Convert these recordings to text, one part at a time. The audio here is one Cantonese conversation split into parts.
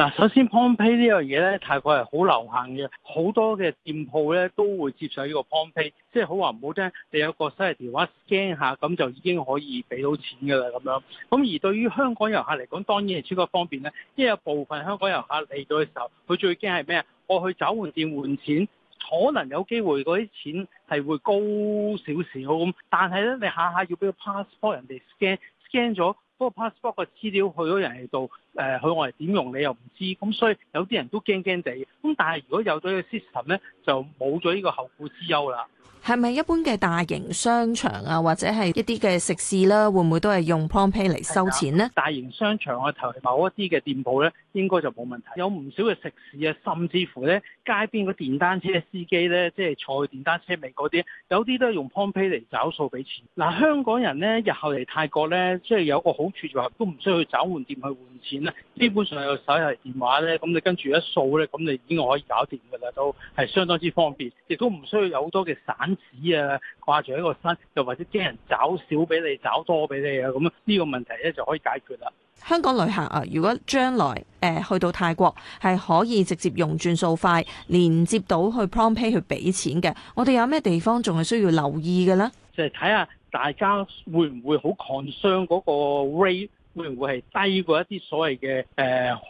嗱，首先 PromptPay 呢樣嘢咧，泰國係好流行嘅，好多嘅店鋪咧都會接受呢個 PromptPay，即係好話唔好聽，你有個身份電話 scan 下，咁就已經可以俾到錢㗎啦咁樣。咁而對於香港遊客嚟講，當然係超級方便咧，因為有部分香港遊客嚟到嘅時候，佢最驚係咩啊？我去找換店換錢，可能有機會嗰啲錢係會高少少咁，但係咧你下下要俾個 passport，人哋 scan scan 咗。個 passport 嘅資料去咗人哋度，誒去我哋點用你又唔知，咁所以有啲人都驚驚哋。咁但係如果有咗呢個 system 咧，就冇咗呢個後顧之憂啦。係咪一般嘅大型商場啊，或者係一啲嘅食肆啦、啊，會唔會都係用 PromptPay 嚟收錢呢？大型商場我睇某一啲嘅店鋪咧，應該就冇問題。有唔少嘅食肆啊，甚至乎咧街邊嘅電單車司機咧，即係坐電單車尾嗰啲，有啲都係用 PromptPay 嚟找數俾錢。嗱，香港人咧日後嚟泰國咧，即係有個好處就係都唔需要去找換店去換錢啦。基本上有手提電話咧，咁你跟住一掃咧，咁你已經可以搞掂噶啦，都係相當之方便，亦都唔需要有好多嘅散。紙啊，掛住喺個身，又或者驚人找少俾你，找多俾你啊！咁呢個問題咧就可以解決啦。香港旅客啊，如果將來誒、呃、去到泰國係可以直接用轉數快連接到去 PromptPay 去俾錢嘅，我哋有咩地方仲係需要留意嘅咧？就係睇下大家會唔會好 concern 嗰個 rate。會唔會係低過一啲所謂嘅誒、呃、好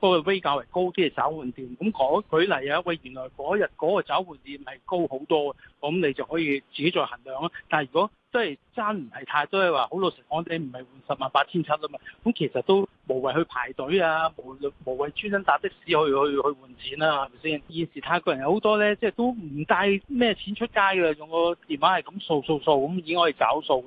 嗰個威較為高啲嘅找換店？咁舉例啊，喂原來嗰日嗰個找換店係高好多，咁你就可以自己再衡量咯。但係如果真係爭唔係太多嘅話，好老實講，你唔係換十萬八千七啊嘛，咁其實都無謂去排隊啊，無謂無謂專登搭的士去去去換錢啦、啊，係咪先？現時泰國人有好多咧，即係都唔帶咩錢出街嘅，用個電話係咁掃掃掃咁已經可以找數嘅。